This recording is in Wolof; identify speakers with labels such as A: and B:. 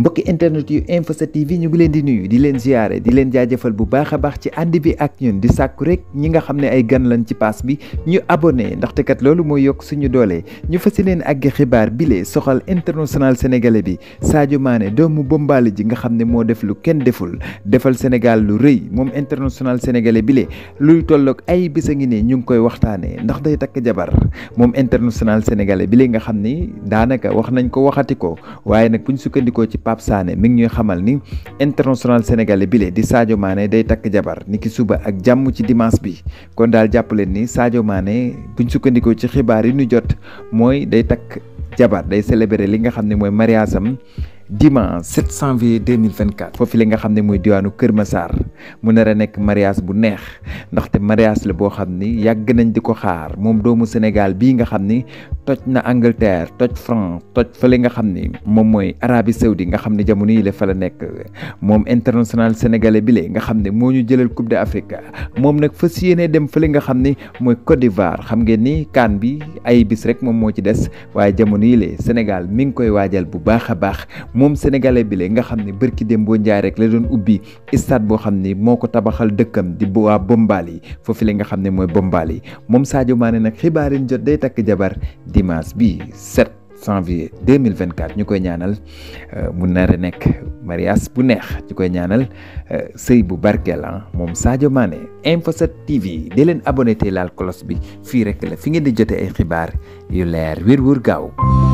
A: mbokki internet yu Info 7 TV ñu ngi leen di nuyu di leen ziare di leen jaajëfal bu baax a baax ci ànd bi ak ñun di sàkku rek ñi nga xam ne ay gan lañ ci paas bi ñu abonné ndaxte kat loolu mooy yokk suñu doolee ñu si leen ak xibaar bi bile soxal international sénégalais bi Sadio Mané doomu Bombali ji nga xam ne moo def lu kenn deful defal Sénégal lu rëy moom international bi lee luy tollook ay bis a ngi ne ñu ngi koy waxtaanee ndax day takk jabar moom international sénégalais bile nga xam ni daanaka wax nañ ko waxati ko Pape Sané mi ngi ñuy xamal ni international sénégalais bile di Sadio maane day takk jabar ni ki suba ak jàmm ci dimanche bi kon daal jàpp leen ni Sadio Mané buñ sukkandikoo ci xibaar yi ñu jot mooy day takk jabar day célébrer li nga xam ne mooy mariage am dimanche 7 janvier 2024 foofu li nga xam ne mooy diwaanu Kër Massar mu nar a nekk mariage bu neex ndaxte mariage la boo xam ne yàgg nañ di ko xaar moom doomu Sénégal bii nga xam ni toj na Angleterre toj France toj fële nga xam ni moom mooy Arabie Saoudi nga xam ne jamono yi la fa la nekk moom international sénégalais bi le nga xam ne moo ñu jëlal Coupe d'Afrique moom nag fas yéenee dem fële nga xam ne mooy Côte d'Ivoire xam ngeen ni kaan bi ay bis rek moom moo ci des waaye jamono yi le Sénégal mi ngi koy waajal bu baax a baax. moom sénégalais bi nga xam ne bërki démboo boo njaay rek la doon ubbi stade boo xam ne moo ko tabaxal dëkkam di waa Bombali foofu la nga xam ne mooy Bombali moom Sadio Mané nag xibaar yi jot day takk jabar dimanche bi 7 janvier 2024 ñu koy ñaanal euh, mun nar a nekk mariage bu neex ñu koy ñaanal euh, sëy bu barkeel ah moom Sadio Mané Info 7 TV di leen abonné te laal cloche bi fii rek la fi ngeen di jotee ay xibaar yu leer wér-wér gaaw.